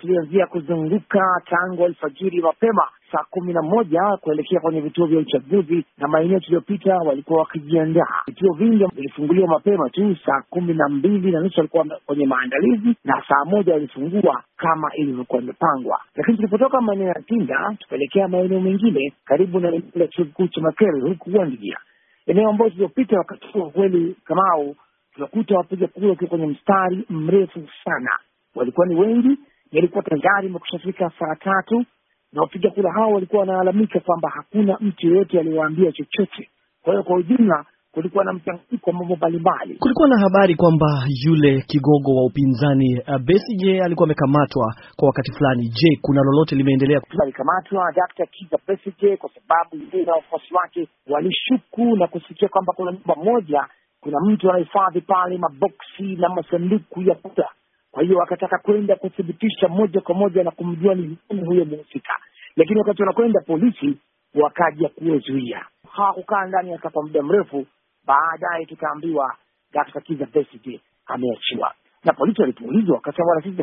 tulianzia kuzunguka tangu alfajiri mapema saa kumi na moja kuelekea kwenye vituo vya uchaguzi na maeneo tuliyopita walikuwa wakijiandaa. Vituo vingi vilifunguliwa mapema tu, saa kumi na mbili na nusu walikuwa kwenye maandalizi na saa moja walifungua kama ilivyokuwa imepangwa. Lakini tulipotoka maeneo ya Tinda tukaelekea maeneo mengine karibu na eneo la chuo kikuu cha Makerere huku Wandigia, eneo ambayo tuliopita wakati huo kweli, Kamau, tunakuta wapiga kura wakiwa kwenye mstari mrefu sana, walikuwa ni wengi yalikuwa tayari yamekushafika saa tatu, na wapiga kura hao walikuwa wanalalamika kwamba hakuna mtu yeyote aliyewaambia chochote. Kwa hiyo kwa ujumla kulikuwa na mchanganyiko wa mambo mbalimbali. Kulikuwa na habari kwamba yule kigogo wa upinzani eh, Besigye alikuwa amekamatwa kwa wakati fulani. Je, kuna lolote limeendelea? Alikamatwa Dkt. Kizza Besigye kwa sababu yeye na wafuasi wake walishuku na kusikia kwamba kuna nyumba moja, kuna mtu anahifadhi pale maboksi na masanduku ya kura kwa hiyo wakataka kwenda kuthibitisha moja kwa moja na kumjua ni nani huyo mhusika, lakini wakati wanakwenda polisi wakaja kuwazuia. Hawakukaa ndani ya kwa muda mrefu, baadaye tukaambiwa Dr. Kizza Besigye ameachiwa. Na polisi walipoulizwa wakasema, bwana, sisi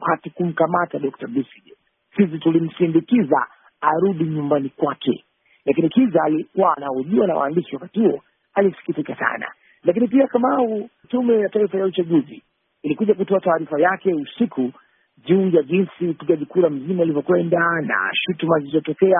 hatukumkamata Dr. Besigye, sisi tulimsindikiza arudi nyumbani kwake. Lakini Kiza alikuwa anahojiwa na waandishi wakati huo, alisikitika sana. Lakini pia Kamau, tume ya taifa ya uchaguzi ilikuja kutoa taarifa yake usiku juu ya jinsi upigaji kura mzima ulivyokwenda na shutuma zilizotokea.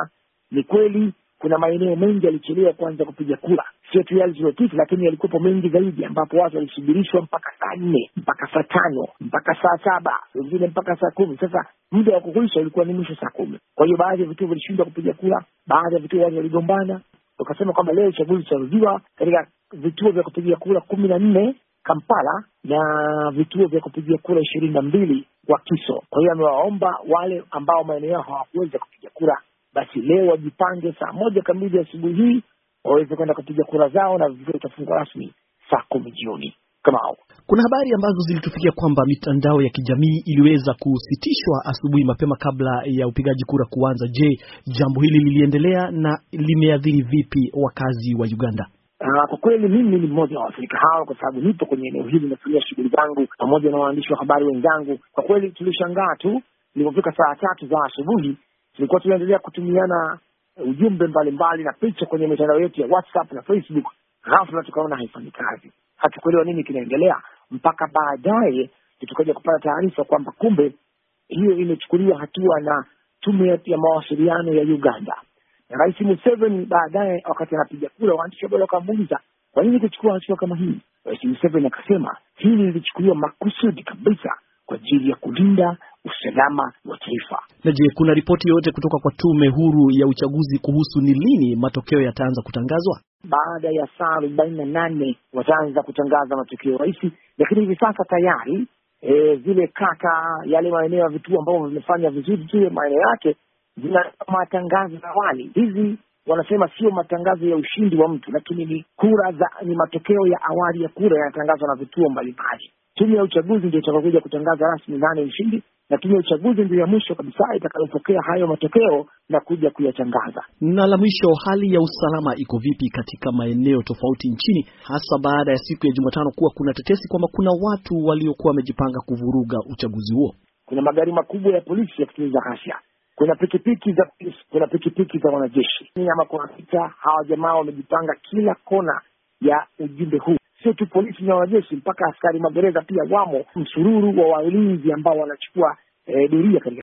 Ni kweli kuna maeneo mengi yalichelewa kuanza kupiga kura, sio tu yale zilizopita, lakini yalikuwepo mengi zaidi, ambapo watu walisubirishwa mpaka saa nne mpaka saa tano mpaka saa saba wengine mpaka saa kumi. Sasa muda wa kuhuisha ulikuwa ni mwisho saa kumi. Kwa hiyo baadhi ya vituo vilishindwa kupiga kura, baadhi ya vituo watu waligombana, wakasema kwamba leo uchaguzi utarudiwa katika vituo vya kupigia kura kumi na nne Kampala na vituo vya kupigia kura ishirini na mbili kiso Kwa hiyo amewaomba wale ambao maeneo yao hawakuweza kupiga kura, basi leo wajipange saa moja kamili asubuhi hii waweze kwenda kupiga kura zao, na vituo vitafungwa rasmi saa kumi jioni. Kamao, kuna habari ambazo zilitufikia kwamba mitandao ya kijamii iliweza kusitishwa asubuhi mapema kabla ya upigaji kura kuanza. Je, jambo hili liliendelea na limeathiri vipi wakazi wa Uganda? Ah, kwa kweli mimi ni mmoja wa waathirika hao, kwa sababu nipo kwenye eneo hili, nafanyia shughuli zangu pamoja na waandishi wa habari wenzangu. Kwa kweli tulishangaa tu ilipofika saa tatu za asubuhi, tulikuwa tunaendelea kutumiana eh, ujumbe mbalimbali na picha kwenye mitandao yetu ya WhatsApp na Facebook. Ghafla tukaona haifanyi kazi, hatukuelewa nini kinaendelea, mpaka baadaye tukaja kupata taarifa kwamba kumbe hiyo imechukuliwa hatua na tume ya mawasiliano ya Uganda. Rais Museveni baadaye, wakati anapiga kura, waandishi wa habari wakamuuliza kwa nini kuchukua hatua kama hii. Rais Museveni akasema hili lilichukuliwa makusudi kabisa kwa ajili ya kulinda usalama wa taifa. Na je, kuna ripoti yoyote kutoka kwa tume huru ya uchaguzi kuhusu ni lini matokeo yataanza kutangazwa? Baada ya saa arobaini na nane wataanza kutangaza matokeo rais, lakini hivi sasa tayari e, zile kata, yale maeneo ya vituo ambavyo vimefanya vizuri tu maeneo yake zina matangazo ya awali. Hizi wanasema sio matangazo ya ushindi wa mtu, lakini ni kura za, ni matokeo ya awali ya kura yanatangazwa na vituo mbalimbali. Tume ya uchaguzi ndio itakayokuja kutangaza rasmi nane ushindi na tume ya uchaguzi ndio ya mwisho kabisa itakayopokea hayo matokeo na kuja kuyatangaza. Na la mwisho, hali ya usalama iko vipi katika maeneo tofauti nchini, hasa baada ya siku ya Jumatano kuwa kuna tetesi kwamba kuna watu waliokuwa wamejipanga kuvuruga uchaguzi huo? Kuna magari makubwa ya polisi ya kutuliza ghasia kuna pikipiki za polisi, kuna pikipiki za wanajeshi ama konapita. Hawa jamaa wamejipanga kila kona ya ujumbe huu, sio tu polisi na wanajeshi, mpaka askari magereza pia wamo, msururu wa walinzi ambao wanachukua eh, doria katika